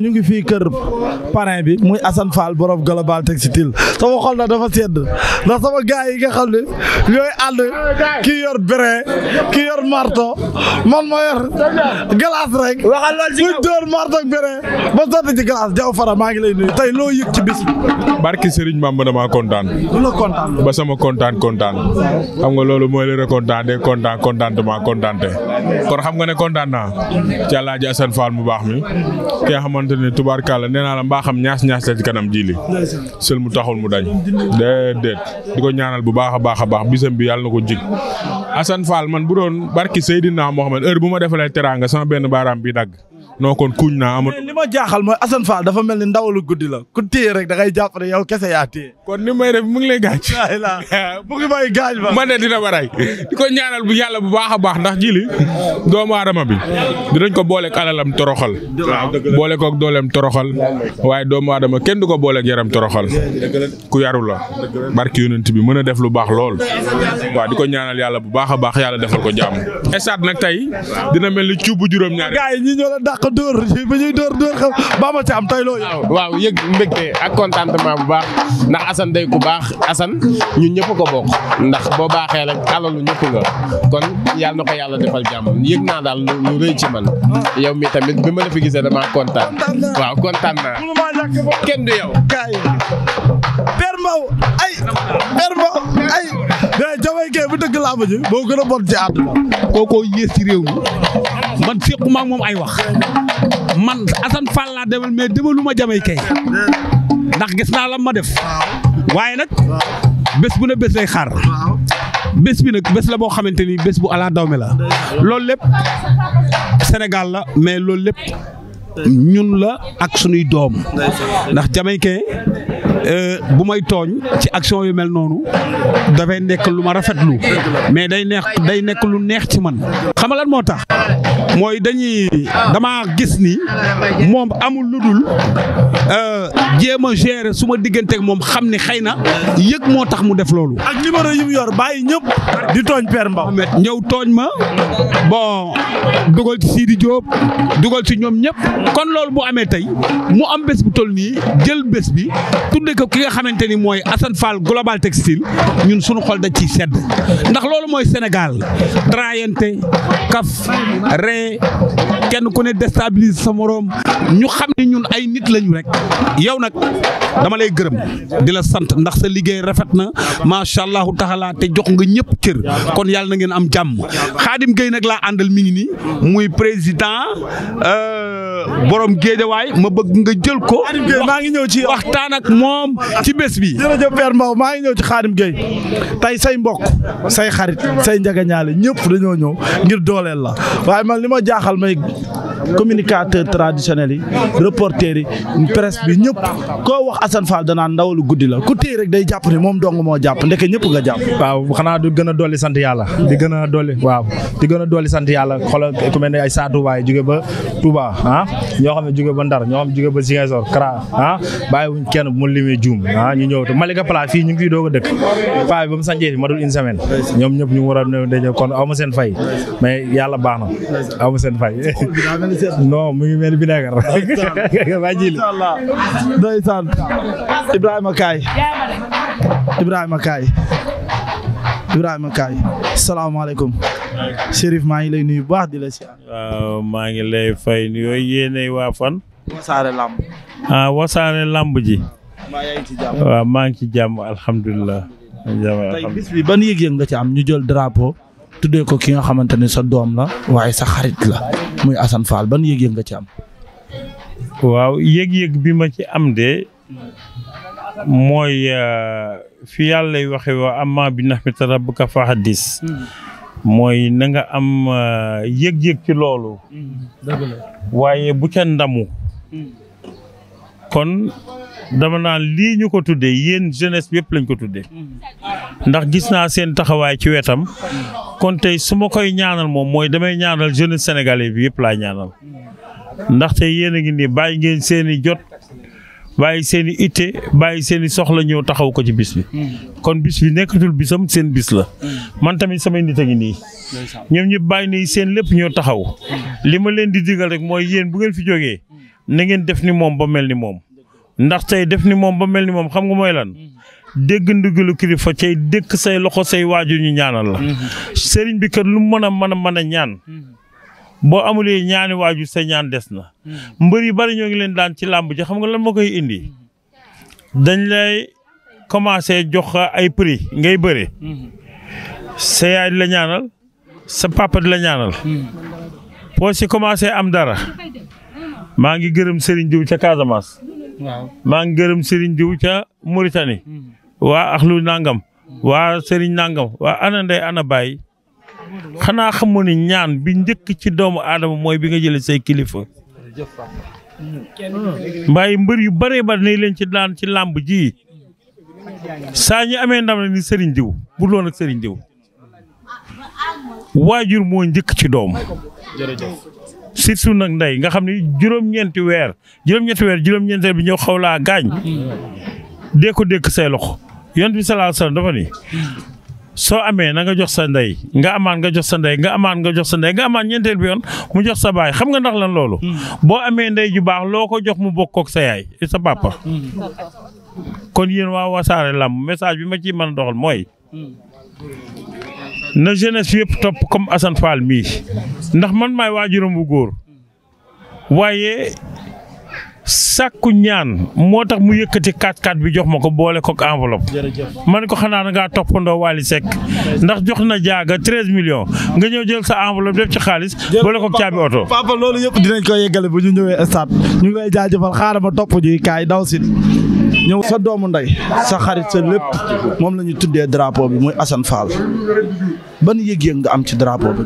ñu ngi fii kër parrain bi muy Assane Fall borom Global Textile sama xol na dafa sedd ndax sama gaay yi nga xam kii yor brin kii yor marto man ma yor glace rek waxal door marto ak ba sotti ci glace jaw fara maa ngi lay nuyu tey loo yëg ci bis bi barki Serigne Bamba damaa kontaan la kontaan ba sama kontaan kontaan xam nga loolu mooy le rekontaan de kontaan kontaantement kontaante kon xam nga ne kontaan naa ci Alaaji Assane Fall mu baax mi xamante ne tubaarkàlla nee naa la mbaa xam ñaas ñaas la ci kanam ji li sël mu taxul mu dañ déedéet di ko ñaanal bu baax a baax a baax bisam bi yàlla na ko jig Assane Fall man bu doon barki moo Mohamed heure bu ma defalee teraanga sama benn baaraam bi dagg non kon kuñ naa amul. li ma jaaxal dafa mel ni ndaw guddi la ku téye rek da ngay jàpp ne yow kese yaa téye. kon ni may def mu ngi lay gaañ. bu ngi may gaañ ba. man dina ma di ko ñaanal bu yàlla bu baax a baax ndax ji li doomu aadama bi dinañ ko booleeg alalam toroxal. waaw boole koog dooleem toroxal waaye doomu aadama kenn du ko boole yaram toroxal. ku yaru la barki yonent bi mën a def lu baax lool waaw di ko ñaanal yàlla bu baax a baax yàlla defal ko jàmm. esaat nag tey dàq dóor bi ñuy dóor dóor xam Bamba Thiam tey loo yëg waaw yëg mbégte ak contentement bu baax na Assane day ku baax Assane ñu ñëpp ko bokk ndax boo baaxee rek alalu ñëpp nga kon yàlla na ko yàlla defal jàmm yëg naa daal lu rëy ci man yow mi tamit bi ma la fi gisee damaa kontaan waaw kontaan naa kenn du yow kaay Père Mbow ay Père Mbow ay eh, jamay kee bu dëgg làmb ji boo gën a bon ci àdduna koo koo yées ci réew mi man séquma ak moom ay wax man Assane Fall demal mais demalu ma jamay kay ndax gis naa lam ma def waaye nag bés bu ne bés lay xaar bés bi nag bés la boo xamante ni bés bu alaa dawme la loolu lépp Sénégal la mais loolu lépp ñun la ak sunuy doom ndax jamaïcain Euh, bu may tooñ ci action yu mel noonu dafay nekk lu ma rafetlu mais day neex day nekk lu neex ci man xam nga lan moo tax mooy dañuy dama gis ni moom amul lu dul euh, jéem a gérer su ma digganteeg moom xam ni xëy na yëg moo tax mu def loolu. ak numéro yi mu yor bàyyi ñëpp di tooñ Père Mbaw. ñëw tooñ ma bon dugal ci di Diop dugal ci ñoom ñëpp kon loolu mu amee tey mu am bés bu toll nii jël bés bi tudd tuddee ki nga xamante ni mooy Assane Fall global textile ñun suñu xol da ciy sedd ndax loolu mooy Sénégal traayante kaf ree kenn ku ne destabilise sa moroom ñu xam ne ñun ay nit lañu rek yow nag dama lay gërëm di la sant ndax sa liggéey rafet na macha allahu taala te jox nga ñëpp cër kon yàlla na ngeen am jàmm Khadim Gueye nag laa àndal mi ngi nii muy président. Euh, borom géejawaay ma bëgg nga jël ko. maa ngi ñëw ci waxtaan ak moom ci bés bi. jërëjëf Mbow maa ngi ñëw ci Khadim Gueye tey say mbok say xarit say njagañaale ñëpp dañoo ñëw ngir dooleel la waaye man li ma jaaxal may communicateur traditionnel yi reporter yi presse bi ñëpp koo wax Assane Fall danaan ndawalu guddi la ku téye rek day jàpp ne moom dong moo jàpp ndeke ñëpp nga jàpp. waaw xanaa du gën a dolli sant yàlla di gën a dolli waaw di gën a dolli sant yàlla xoolal ku mel ne ay saa Touba jóge ba Touba ah ñoo xam ne jóge ba Ndar ñoo xam ne jóge ba Ziguinchor Kara ah bàyyiwuñ kenn mu limi juum ah ñu ñëw te Malika Pala fii ñu ngi fii doog a dëkk paa bi ba mu sañjee fi ma dul une semaine ñoom ñëpp ñu war a dañoo ma seen fay yàlla baax na non mu ngi mel ni vinaigre rek. macha allah ndeysaan Ibrahima Kaay. Ibrahima Kaay. Ibrahima Kaay. salaamaaleykum. Chérif maa ngi lay nuyu bu baax di la si. waaw maa ngi lay fay nuyoo yéenay waa fan. wasaare lamb. ah wasaare lamb ji. waaw maa ngi ci jàmm alhamdulilah. tey bis bi ban yëg-yëg nga ci am ñu jël drapeau. tuddee ko ki nga xamante ne sa doom la waaye sa xarit la. muy Assane Fall ban yëg-yëg nga ci waaw yëg-yëg bi ma ci am de mooy euh, fi yàlla lay waxee waa amma bi ni'mati rabbika fa haddis mooy na am euh, yëg-yëg ci loolu. waaye bu ca ndamu. Mm. kon dama naan lii ñu ko tuddee yéen jeunesse bi yëpp lañ ko tuddee. ndax gis naa seen taxawaay ci wetam. kon tey su ma koy ñaanal moom mooy damay ñaanal jeunesse sénégalais bi yëpp laa ñaanal. ndaxte yéen a ngi nii bàyyi ngeen seen i jot bàyyi seeni i itte bàyyi seen i soxla ñëw taxaw ko ci bis bi. kon bis bi nekkatul bisam seen bis la. man tamit samay nit a ngi nii. ñoom ñëpp bàyyi nii seen lépp ñoo taxaw. li ma leen di digal rek mooy yéen bu ngeen fi jógee. na ngeen def ni moom ba mel ni moom. ndax tey def ni moom ba mel ni moom xam nga mooy lan dégg ndigalu fa cay dëkk say loxo say waajur ñu ñaanal la. sëriñ bi kat lu mën a mën a mën a ñaan. boo amulee ñaani waajur sa ñaan des na. mbër yu bari ñoo ngi leen daan ci làmb ji xam nga lan moo koy indi. dañ lay commencé jox ay pri ngay bëre. sa yaay di la ñaanal sa papa di la ñaanal. boo si commencé am dara. maa ngi gërëm sëriñ diw ca Casamance. maa ngi gërëm Serigne Diou ca Mauritanie. Hmm. waa Axlu Nangam. waa sëriñ Nangam waa ana ndey ana baay. xanaa xamoon ne ñaan bi njëkk ci doomu aadama mooy bi nga jëlee sey kilifa. Hmm. mbaay mbër yu bëree bari nañ leen ci daan ci làmb ji. saa amee ndam la ni Serigne Diou bu loon ak Serigne Diou. waajur moo njëkk ci doomu jërëjëf. surtout nag ndey nga xam ni juróom-ñeenti weer juróom-ñeenti weer juróom-ñeenti bi ñëw xaw laa gaañ. dee dékk say loxo yonent bi sallallahu alayhi wasallam dafa ni soo amee na nga jox sa ndey nga amaan nga jox sa ndey nga amaan nga jox sa ndey amaan ñeenteel bi yoon mu jox sa baay xam nga ndax lan loolu. boo amee ndey ju baax loo ko jox mu bokk sa yaay sa papa. kon yéen waa Wassare Lamb message bi ma ci man a doxal mooy. na jeunesse yëpp topp comme Assane Fall mii ndax man maay waajuram bu góor waaye sàkku ñaan moo tax mu yëkkati 4-4 bi jox ma ko boole kook enveloppe. ma ne ko xanaa da ngaa toppandoo Wally Seck ndax jox na jaaga 13 million nga ñëw jël sa enveloppe def ci xaalis. boole kook caabi oto. papa loolu yëpp dinañ ko yeggale bu ñu ñëwee stade ñu ngi lay jaajëfal xaaral ma topp ji kaay daw si. sa doomu ndey sa xarit sa lépp moom la ñu tuddee drapeau bi muy Assane Fall ban yëg-yëg nga am ci drapeau bi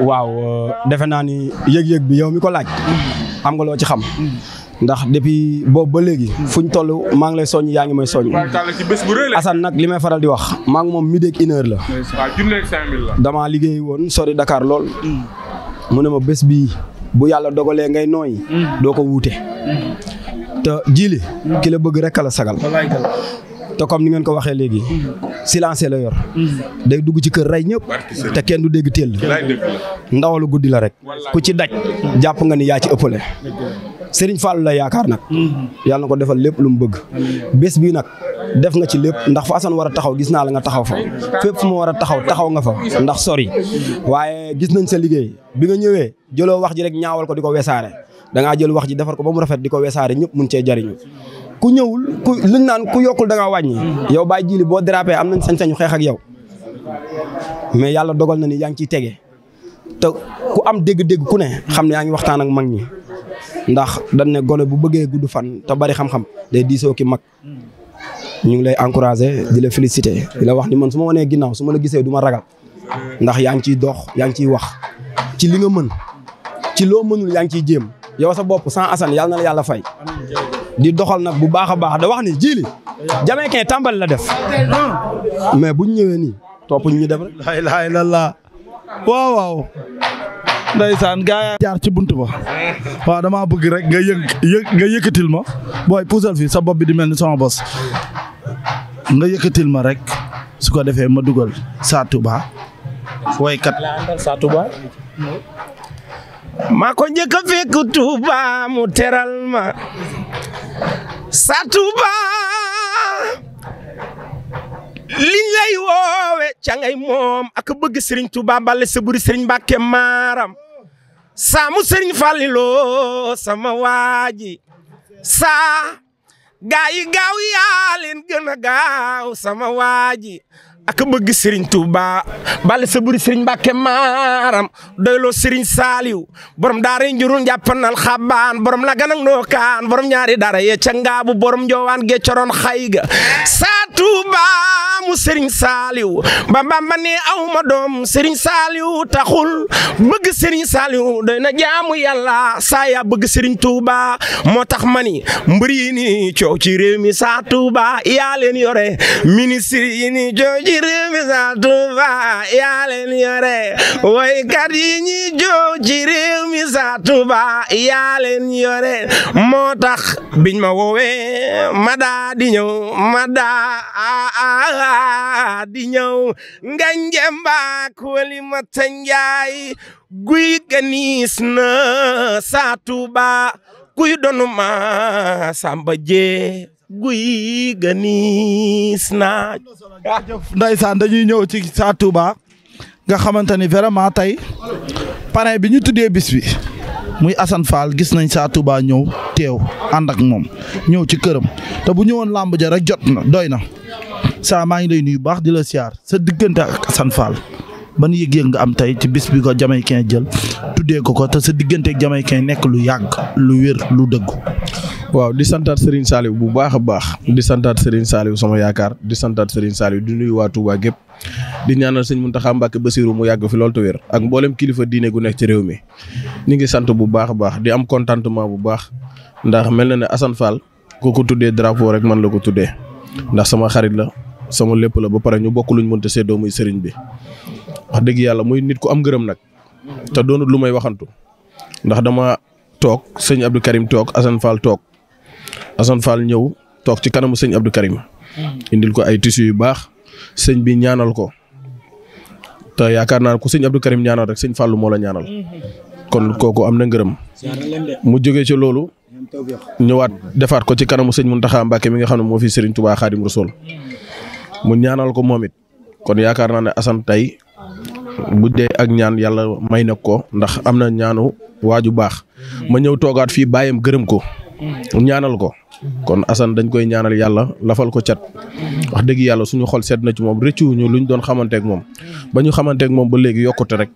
waaw euh, defe naa ni yëg-yëg bi yow mi ko laaj. am nga loo ci xam. ndax depuis boobu ba léegi. fuñ toll maa ngi lay soññ yaa ngi may soññ. Assane nag li may faral di wax. maa moom midi ak une la. damaa liggéey woon sori Dakar lool. mu ne ma bés bi bu yàlla dogalee ngay nooy. Mm. doo ko wuute. Mm. te jiili. ki bëgg rek la sagal. te comme ni ngeen ko waxee léegi silencé la yor day dugg ci kër rey ñëpp te kenn du dégg téel ndawalu guddi la rek ku ci daj jàpp nga ni yaa ci ëpp le Serigne Fallou la yaakaar nag yàlla na ko defal lépp lu mu bëgg bés bii nag def nga ci lépp ndax fa Assane war a taxaw gis naa la nga taxaw fa fépp fu ma war a taxaw taxaw nga fa ndax sori waaye gis nañ sa liggéey bi nga ñëwee jëloo wax ji rek ñaawal ko di ko wesaare da jël wax ji defar ko ba mu rafet di ko wesaare ñëpp mun cee jariñu ku ñëwul ku naan ku yokkul da ngaa wàññi. yow baa jili boo dérapé am nañ sañ-sañu xeex ak yow mais yàlla dogal na ni yaa ngi ciy tege te ku am dégg-dégg ku ne xam ne yaa ngi waxtaan ak mag ñi ndax dan ne gone bu bëggee gudd fan te bari xam-xam day diisoo ki mag. ñu ngi lay encouragé di la félicité di la wax ni man su ma wanee ginnaaw su ma la gisee du ma ragal ndax yaa ngi ciy dox yaa ngi ciy wax ci li nga mën ci loo mënul yaa ngi ciy jéem yow sa bopp sans Assane yàlla na la yàlla fay. di doxal nag bu baax baax da wax ni jiili Jamaïcain tàmbali la def mais buñ ñëwee nii toppuñ ñu def rek. la ilaha illallah waaw waaw. Ndeysaan gaa jaar ci bunt ba waaw dama bëgg rek nga yëg yëkkatil ma booy puusal fii sa bopp bi di mel ni sama bos nga yëkkatil ma rek su ko defee ma dugal Sa Touba woykat Sa Touba ko njëkk a fekk mu teral ma sa Touba liñ lay woowe ca ngay moom ak bëgg Serigne Touba Balla sa buri Serigne Mbàkke maaram saamu Serigne Falliloo sama waaji saa gaa yi gaaw yaa gën a gaaw sama waaji ak bëgg Serigne Touba bal sa buri Serigne Mbacke maaram doyloo Serigne Saliou borom daara njurul njàppanal xabaan borom la ganang nookaan borom ñaari daara ye ca ngaabu borom njowaan ge coroon xayga sa Touba mu Serigne Saliou ba bamba ne doom Serigne Saliou taxul bëgg Serigne Saliou doy na jaamu yàlla saa ya bëgg Serigne Touba moo tax mani mbër yi ni coow ci réew mi sa Touba yaa leen jooji ci réew mi sa ba yaa leen yore woykat ñi joow ci réew mi sa Touba yaa leen moo tax biñ ma woowee ma daa di ñëw ma daa di ñëw nga njemba kuweli ma tanjaay guy ganiis na sa Touba kuy donu ma samba guy ganiis naa. ndeysaan dañuy ñëw ci saa Touba nga xamante ni vraiment tey parrain bi ñu tuddee bis bi muy Assane Fall gis nañ saa Touba ñëw teew ànd ak moom ñëw ci këram te bu ñëwoon làmb jarak jot na doy na saa maa ngi lay nuyu baax di la siyaar sa diggante ak Assane Fall ban yëg-yëg nga am tey ci bis bi ko Jamaïcain jël tuddee ko ko te sa diggante ak Jamaïcain nekk lu yàgg lu wér lu dëggu. waaw di santaat Serigne Saliou bu baax a baax di santaat Serigne Saliou sama yaakaar di santaat Serigne Saliou di nuyu waa Touba gépp di ñaanal sëñ mun Mountakha Mbacké Bassirou mu yàgg fi loolu te wér ak mboolem kilifa diine gu nekk ci réew mi ñu ngi sant bu baax a baax di am contentement bu baax ndax mel na ne Assane Fall ko tuddee drapeau rek man la ko tuddee ndax sama xarit la sama lépp la ba pare ñu bokk luñ mënta séddoo muy sëriñ bi wax dëgg yàlla muy nit ku am ngërëm nag te doonut lu may waxantu ndax dama toog sëñ Abdou Karim toog Assane Fall toog Assane Fall ñëw toog ci kanamu sëñ Abdou Karim. indil ko ay tissus yu baax sëñ bi ñaanal ko te yaakaar naa ku sëñ Abdou Karim ñaanal rek sëñ Fallou moo la ñaanal. kon kooku am na ngërëm. mu jóge ci loolu. ñëwaat defaat ko ci kanamu sëñ Mountakha Mbacké mi nga xam ne moo fi Serigne Touba Khadim Rassoul mu ñaanal ko moom it kon yaakaar naa ne Assane tey bu dee ak ñaan yàlla may na ko ndax am na ñaanu waaju baax ma ñëw toogaat fii bàyyam gërëm ko. ñaanal ko. kon Assane dañ koy ñaanal yàlla lafal ko cat. wax dëgg yàlla suñu xol sedd na ci moom rëccuwuñu ñu doon xamanteeg moom. ba ñu xamanteeg moom ba léegi yokkute rek.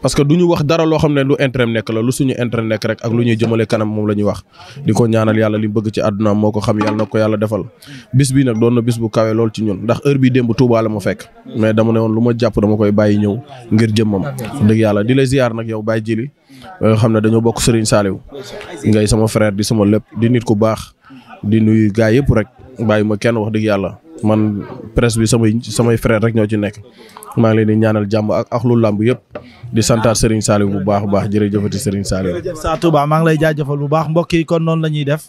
parce que du ñu wax dara loo xam ne lu intérêt nekk la lu suñu intérêt nekk rek ak lu ñuy jëmale kanam moom la ñuy wax. di ko ñaanal yàlla li bëgg ci àdduna moo ko xam yàlla na ko yàlla defal. bis bi nag doon na bis bu kawe loolu ci ñun ndax heure bi démb Touba la ma fekk. mais dama ne woon lu ma jàpp dama koy bàyyi ñëw ngir jëmmam. wax dëgg yàlla di la ziar nag yow bàyyi jili nga xam ne dañoo bokk Serigne Saliou ngay sama frère di sama lépp di nit ku baax di nuyu gaa yëpp rek bàyyi ma kenn wax dëgg yàlla man presse bi samay samay frère rek ñoo ci nekk maa ngi leen di ñaanal jàmm ak ak lu làmb yëpp di santaat Serigne Saliou bu baax a baax jërëjëfati Serigne Saliou. jërëjëf Sa Touba maa ngi lay jaajëfal bu baax mbokk yi kon noonu la ñuy def.